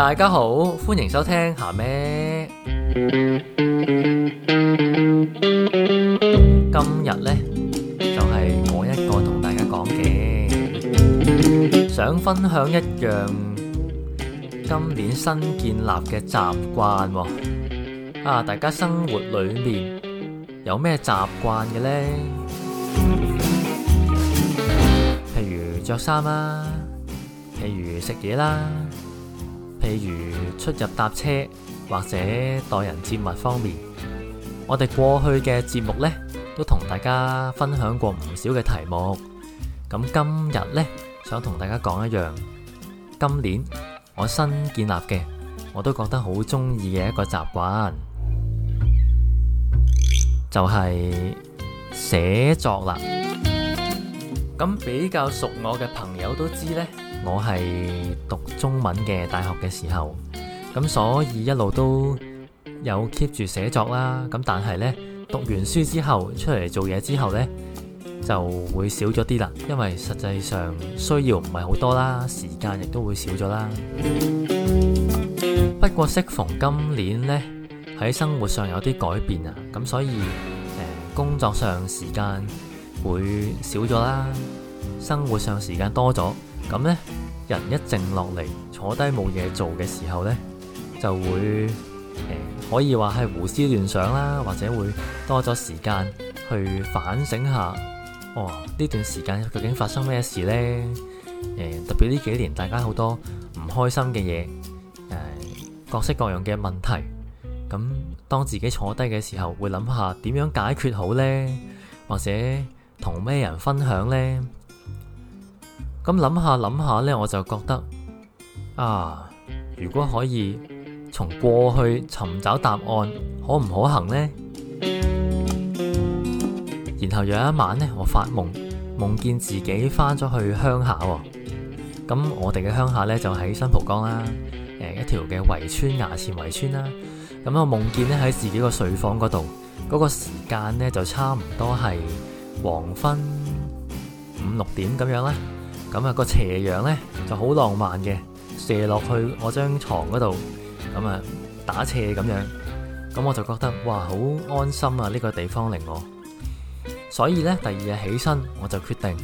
大家好，歡迎收聽下咩？今日呢就係我一個同大家講嘅，想分享一樣今年新建立嘅習慣喎。啊，大家生活裏面有咩習慣嘅呢？譬如着衫啦，譬如食嘢啦。譬如出入搭車或者待人接物方面，我哋過去嘅節目呢都同大家分享過唔少嘅題目。咁今日呢想同大家講一樣，今年我新建立嘅，我都覺得好中意嘅一個習慣，就係寫作啦。咁比較熟我嘅朋友都知呢。我係讀中文嘅大學嘅時候，咁所以一路都有 keep 住寫作啦。咁但係呢，讀完書之後出嚟做嘢之後呢，就會少咗啲啦。因為實際上需要唔係好多啦，時間亦都會少咗啦。不過適逢今年呢，喺生活上有啲改變啊，咁所以，呃，工作上時間會少咗啦，生活上時間多咗。咁咧，人一靜落嚟，坐低冇嘢做嘅時候咧，就會、呃、可以話係胡思亂想啦，或者會多咗時間去反省下，哦，呢段時間究竟發生咩事呢？呃、特別呢幾年大家好多唔開心嘅嘢，呃，各式各樣嘅問題。咁當自己坐低嘅時候，會諗下點樣解決好呢？或者同咩人分享呢？咁諗下諗下呢，想想想我就覺得啊，如果可以從過去尋找答案，可唔可行呢？然後有一晚呢，我發夢，夢見自己翻咗去鄉下。咁我哋嘅鄉下呢，就喺新蒲崗啦，誒，一條嘅圍村，衙前圍村啦。咁我夢見呢，喺自己個睡房嗰度，嗰、嗰個時間呢，就差唔多係黃昏五六點咁樣啦。咁啊，個斜陽呢就好浪漫嘅，射落去我張床嗰度，咁啊打斜咁樣，咁我就覺得哇好安心啊！呢、呢個地方令我，所以呢，第二日起身我就決定，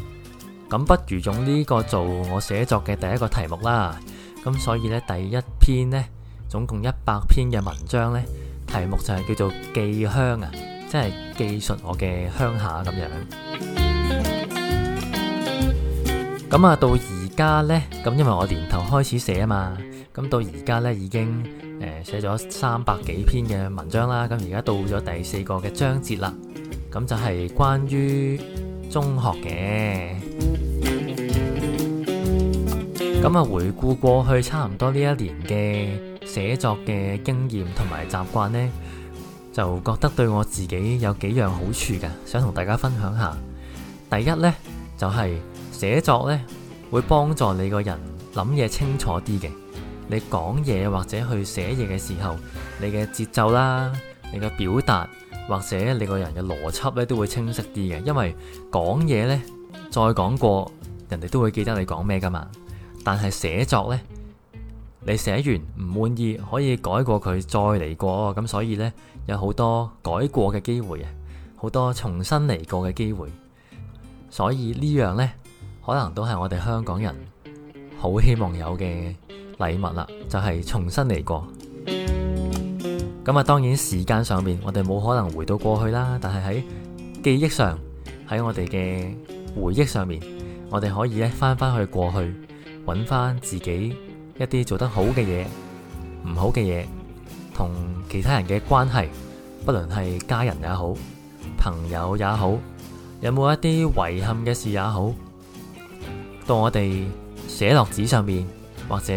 咁不如用呢個做我寫作嘅第一個題目啦。咁所以呢，第一篇呢，總共一百篇嘅文章呢，題目就係叫做寄鄉啊，即係記述我嘅鄉下咁樣。咁啊，到而家呢，咁因為我年頭開始寫啊嘛，咁到而家呢，已經誒寫咗三百幾篇嘅文章啦，咁而家到咗第四個嘅章節啦，咁就係關於中學嘅。咁啊，回顧過去差唔多呢一年嘅寫作嘅經驗同埋習慣呢，就覺得對我自己有幾樣好處嘅，想同大家分享一下。第一呢，就係。寫作呢會幫助你個人諗嘢清楚啲嘅，你講嘢或者去寫嘢嘅時候，你嘅節奏啦，你嘅表達或者你個人嘅邏輯咧都會清晰啲嘅。因為講嘢呢，再講過，人哋都會記得你講咩噶嘛。但係寫作呢，你寫完唔滿意可以改過佢再嚟過，咁所以呢，有好多改過嘅機會啊，好多重新嚟過嘅機會。所以呢樣呢。可能都係我哋香港人好希望有嘅禮物啦，就係重新嚟過。咁啊，當然時間上面我哋冇可能回到過去啦，但係喺記憶上，喺我哋嘅回憶上面，我哋可以咧翻翻去過去，揾翻自己一啲做得好嘅嘢，唔好嘅嘢，同其他人嘅關係，不論係家人也好，朋友也好，有冇一啲遺憾嘅事也好。到我哋寫落紙上面，或者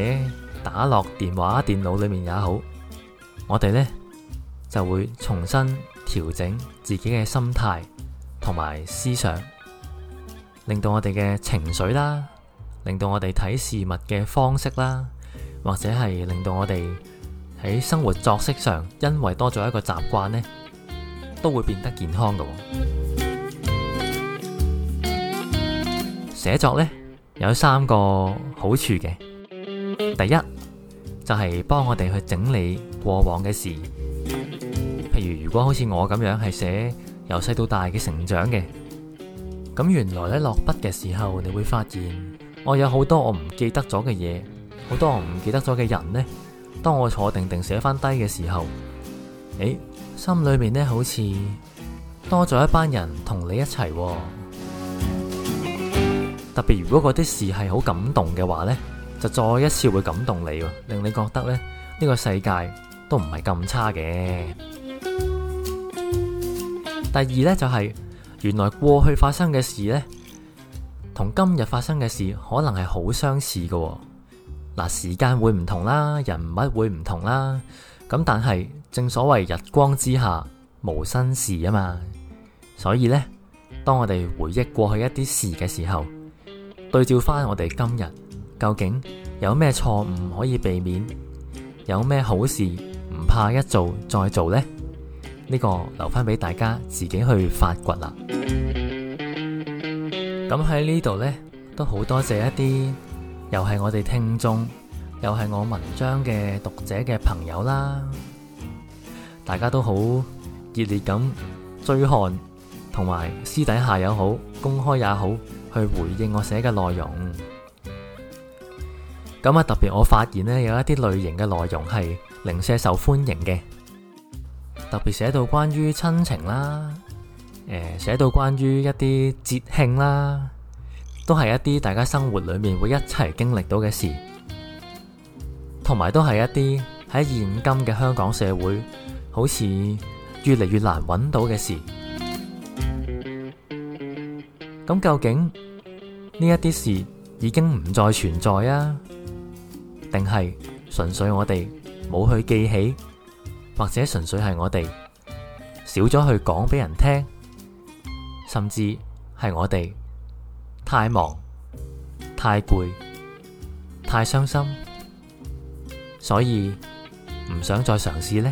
打落電話、電腦裏面也好，我哋呢就會重新調整自己嘅心態同埋思想，令到我哋嘅情緒啦，令到我哋睇事物嘅方式啦，或者係令到我哋喺生活作息上，因為多咗一個習慣呢，都會變得健康嘅。寫作呢。有三個好處嘅，第一就係幫我哋去整理過往嘅事，譬如如果好似我咁樣係寫由細到大嘅成長嘅，咁原來咧落筆嘅時候，你會發現我有好多我唔記得咗嘅嘢，好多我唔記得咗嘅人呢，當我坐定定寫翻低嘅時候，誒，心裏面呢，好似多咗一班人同你一齊。特別如果嗰啲事係好感動嘅話呢，就再一次會感動你，令你覺得咧呢、呢個世界都唔係咁差嘅。第二呢、就係，就係原來過去發生嘅事呢，同今日發生嘅事可能係好相似噶。嗱，時間會唔同啦，人物會唔同啦，咁但係正所謂日光之下無新事啊嘛，所以呢，當我哋回憶過去一啲事嘅時候，對照翻我哋今日究竟有咩錯誤可以避免，有咩好事唔怕一做再做呢？呢個留翻俾大家自己去發掘啦。咁喺呢度呢，都好多謝一啲又係我哋聽眾，又係我文章嘅讀者嘅朋友啦。大家都好熱烈咁追看，同埋私底下也好，公開也好，去回應我寫嘅內容，咁啊特別我發現有一啲類型嘅內容係零舍受歡迎嘅，特別寫到關於親情啦、呃，寫到關於一啲節慶啦，都係一啲大家生活裏面會一齊經歷到嘅事，同埋都係一啲喺現今嘅香港社會好似越嚟越難揾到嘅事。咁究竟呢一啲事已經唔再存在啊？定係純粹我哋冇去記起，或者純粹係我哋少咗去講俾人聽，甚至係我哋太忙、太攰、太傷心，所以唔想再嘗試呢？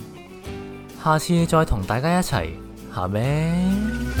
下次再同大家一齊，好咩？